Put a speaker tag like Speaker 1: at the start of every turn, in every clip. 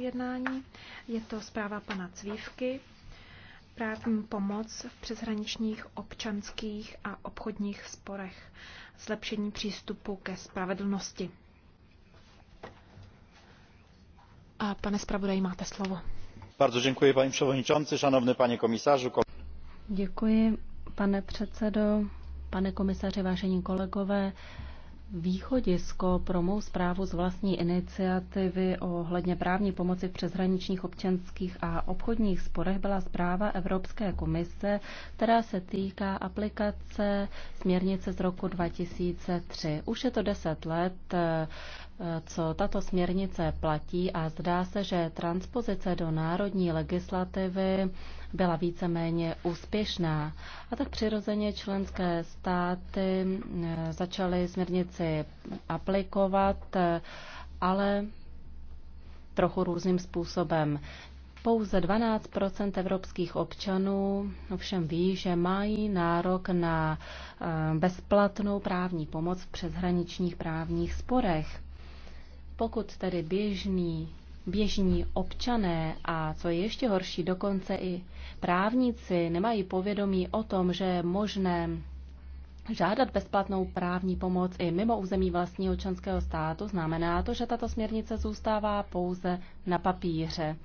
Speaker 1: jednání. Je to zpráva pana Cvívky, právní pomoc v přeshraničních občanských a obchodních sporech, zlepšení přístupu ke spravedlnosti. A
Speaker 2: pane zpravodaji, máte slovo.
Speaker 3: Bardzo děkuji, paní předsedající, šanovný pane komisařu.
Speaker 2: Děkuji, pane předsedo, pane komisaři, vážení kolegové. Východisko pro mou zprávu z vlastní iniciativy ohledně právní pomoci v přeshraničních občanských a obchodních sporech byla zpráva Evropské komise, která se týká aplikace směrnice z roku 2003. Už je to deset let co tato směrnice platí a zdá se, že transpozice do národní legislativy byla víceméně úspěšná. A tak přirozeně členské státy eh, začaly směrnici aplikovat, eh, ale trochu různým způsobem. Pouze 12 evropských občanů ovšem ví, že mají nárok na eh, bezplatnou právní pomoc v přeshraničních právních sporech. Pokud tedy běžný, běžní občané a co je ještě horší, dokonce i právníci nemají povědomí o tom, že je možné Žádat bezplatnou právní pomoc i mimo území vlastního členského státu znamená to, že tato směrnice zůstává pouze na papíře.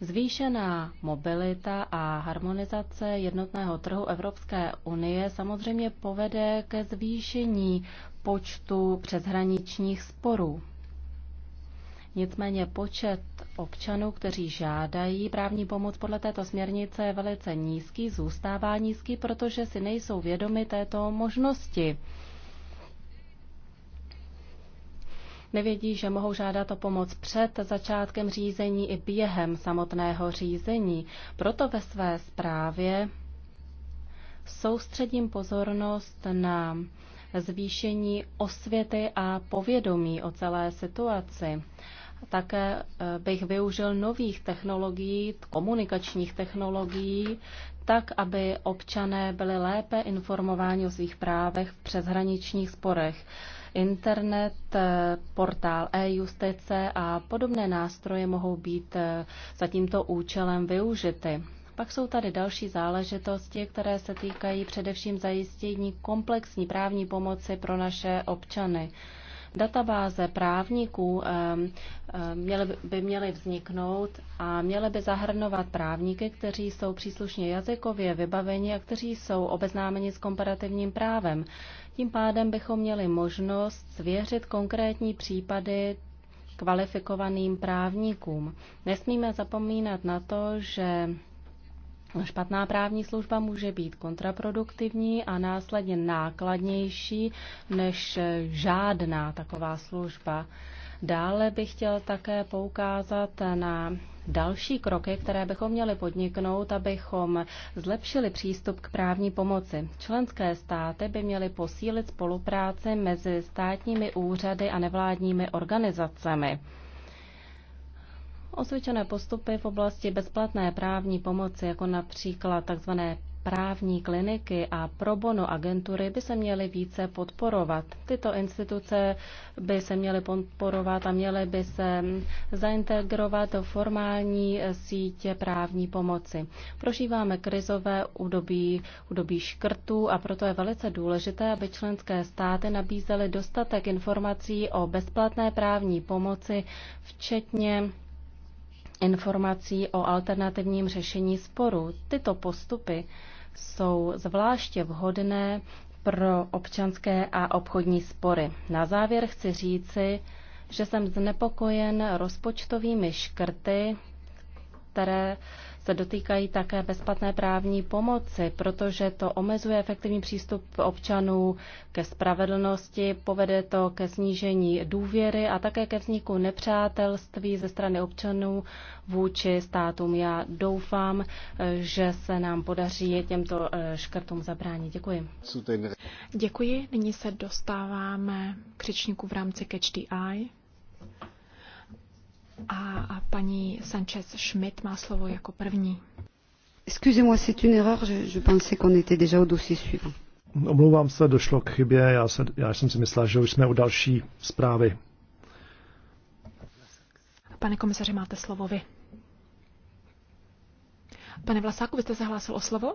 Speaker 2: Zvýšená mobilita a harmonizace jednotného trhu Evropské unie samozřejmě povede ke zvýšení počtu přeshraničních sporů. Nicméně počet občanů, kteří žádají právní pomoc podle této směrnice je velice nízký, zůstává nízký, protože si nejsou vědomi této možnosti. Nevědí, že mohou žádat o pomoc před začátkem řízení i během samotného řízení. Proto ve své zprávě soustředím pozornost na zvýšení osvěty a povědomí o celé situaci. Také eh, bych využil nových technologií, komunikačních technologií, tak, aby občané byli lépe informováni o svých právech v přeshraničních sporech. Internet, eh, portál e-justice a podobné nástroje mohou být eh, za tímto účelem využity. Pak jsou tady další záležitosti, které se týkají především zajistění komplexní právní pomoci pro naše občany. Databáze právníků eh, eh, by měly vzniknout a měly by zahrnovat právníky, kteří jsou příslušně jazykově vybaveni a kteří jsou obeznámeni s komparativním právem. Tím pádem bychom měli možnost svěřit konkrétní případy kvalifikovaným právníkům. Nesmíme zapomínat na to, že Špatná právní služba může být kontraproduktivní a následně nákladnější než žádná taková služba. Dále bych chtěl také poukázat na další kroky, které bychom měli podniknout, abychom zlepšili přístup k právní pomoci. Členské státy by měly posílit spolupráci mezi státními úřady a nevládními organizacemi. Osvědčené postupy v oblasti bezplatné právní pomoci, jako například tzv. právní kliniky a pro bono agentury, by se měly více podporovat. Tyto instituce by se měly podporovat a měly by se zaintegrovat do formální sítě právní pomoci. Prožíváme krizové údobí, údobí škrtů a proto je velice důležité, aby členské státy nabízely dostatek informací o bezplatné právní pomoci, včetně informací o alternativním řešení sporu. Tyto postupy jsou zvláště vhodné pro občanské a obchodní spory. Na závěr chci říci, že jsem znepokojen rozpočtovými škrty, které se dotýkají také bezplatné právní pomoci, protože to omezuje efektivní přístup občanů ke spravedlnosti, povede to ke snížení důvěry a také ke vzniku nepřátelství ze strany občanů vůči státům. Já doufám, že se nám podaří těmto eh, škrtům zabránit. Děkuji. Děkuji. Nyní se
Speaker 1: dostáváme k řečníku v rámci Catch the Eye. A, paní Sanchez Schmidt má slovo jako první.
Speaker 3: Excusez-moi, c'est une erreur, je, je pensais qu'on était déjà au dossier suivant. Omlouvám se, došlo k chybě, já, se, já jsem si myslel, že už jsme u další zprávy.
Speaker 1: Pane komisaři, máte slovo vy. Pane Vlasáku, vy jste se hlásil o slovo?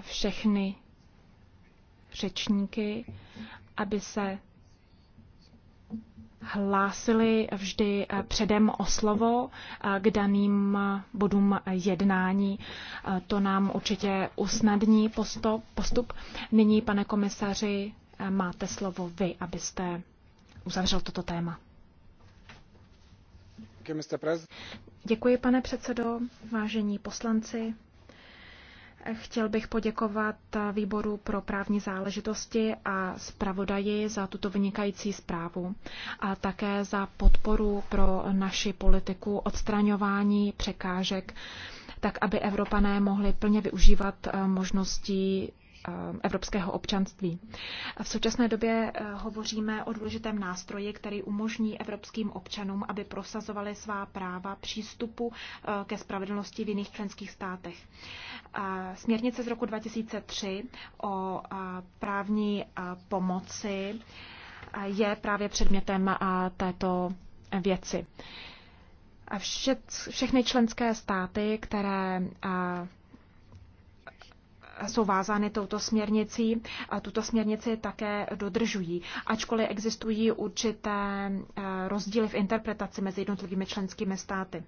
Speaker 1: všechny řečníky, aby se hlásili vždy eh, předem o slovo eh, k daným eh, bodům jednání. To nám určitě usnadní postup. Nyní, pane komisaři, máte slovo vy, abyste uzavřel toto téma. Děkuji, pane předsedo, vážení poslanci. Chtěl bych poděkovat výboru pro právní záležitosti a zpravodaji za tuto vynikající zprávu a také za podporu pro naši politiku odstraňování překážek, tak aby Evropané mohli plně využívat eh, možností Um, evropského občanství. V současné době eh, hovoříme o důležitém nástroji, který umožní evropským občanům, aby prosazovali svá práva přístupu eh, ke spravedlnosti v jiných členských státech. Směrnice z roku 2003 o eh, právní pomoci je právě předmětem této věci. Vše, všechny členské státy, které jsou vázány touto směrnicí, a tuto směrnici také dodržují, ačkoliv existují určité eh, rozdíly v interpretaci mezi jednotlivými členskými státy.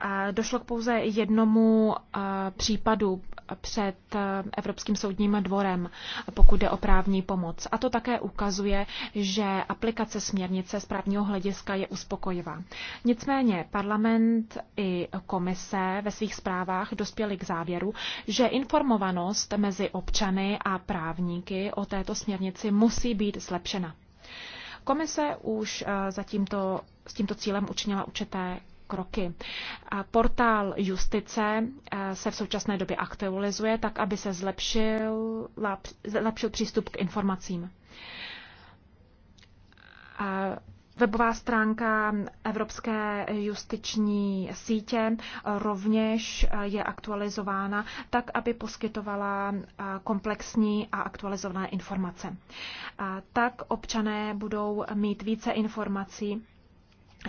Speaker 1: Eh, došlo k pouze jednomu eh, případu před eh, Evropským soudním dvorem, pokud jde o právní pomoc. A to také ukazuje, že aplikace směrnice z právního hlediska je uspokojivá. Nicméně parlament i komise ve svých zprávách dospěli k závěru, že informovanost mezi občany a právníky o této směrnici musí být zlepšena. Komise už eh, za tímto, s tímto cílem učinila určité kroky. Portál justice eh, se v současné době aktualizuje tak, aby se zlepšil, zlepšil přístup k informacím. Webová stránka Evropské justiční sítě rovněž eh, je aktualizována tak, aby poskytovala eh, komplexní a aktualizované informace. Tak občané budou mít více informací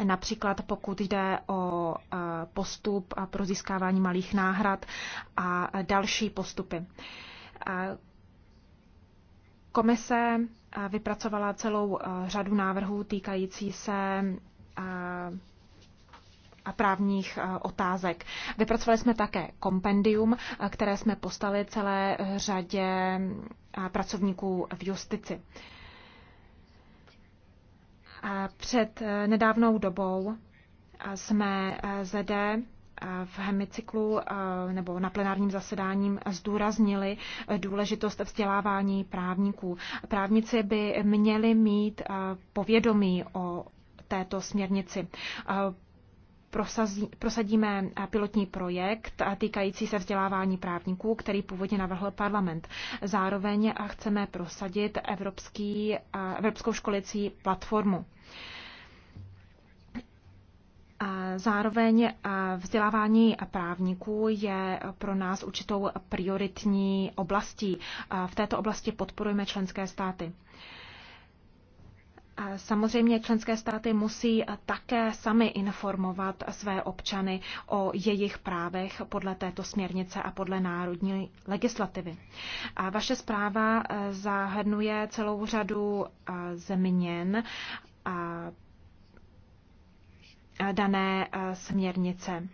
Speaker 1: Například pokud jde o eh, postup pro získávání malých náhrad a další postupy. Eh, komise eh, vypracovala celou řadu návrhů týkající se a právních otázek. Vypracovali jsme také kompendium, které jsme postali celé řadě pracovníků v justici. Před eh, nedávnou dobou eh, jsme eh, zde v hemicyklu nebo na plenárním zasedáním zdůraznili důležitost vzdělávání právníků. Právníci by měli mít povědomí o této směrnici prosazí, prosadíme eh, pilotní projekt eh, týkající se vzdělávání právníků, který původně navrhl parlament. Zároveň eh, chceme prosadit evropský, evropskou školicí platformu. Zároveň vzdělávání právníků je pro nás určitou prioritní oblastí. V této oblasti podporujeme členské státy. Samozřejmě členské státy musí také sami informovat své občany o jejich právech podle této směrnice a podle národní legislativy. A vaše zpráva eh, zahrnuje celou řadu eh, změn eh, dané směrnice.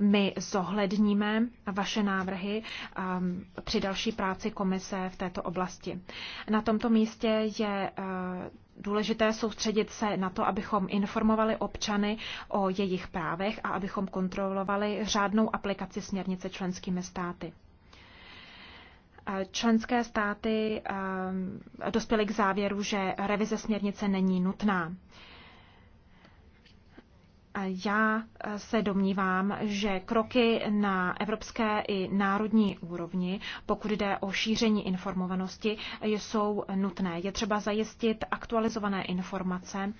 Speaker 1: My zohledníme vaše návrhy um, při další práci komise v této oblasti. Na tomto místě je uh, důležité soustředit se na to, abychom informovali občany o jejich právech a abychom kontrolovali řádnou aplikaci směrnice členskými státy. Uh, členské státy um, dospěly k závěru, že revize směrnice není nutná. Já eh, se domnívám, že kroky na evropské i národní úrovni, pokud jde o šíření informovanosti, jsou nutné. Je třeba zajistit aktualizované informace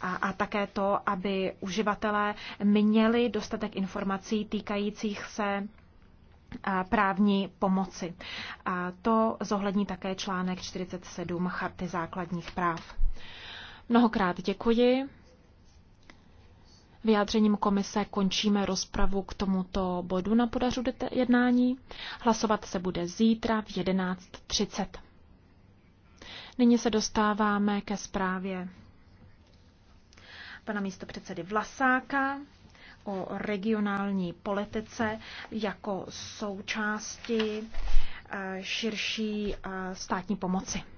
Speaker 1: a, a také to, aby uživatelé měli dostatek informací týkajících se eh, právní pomoci. A to zohlední také článek 47 Charty základních práv. Mnohokrát děkuji vyjádřením komise končíme rozpravu k tomuto bodu na podařu jednání. Hlasovat se bude zítra v 11.30. Nyní se dostáváme ke zprávě pana místopředsedy Vlasáka o regionální politice jako součásti eh, širší eh, státní pomoci.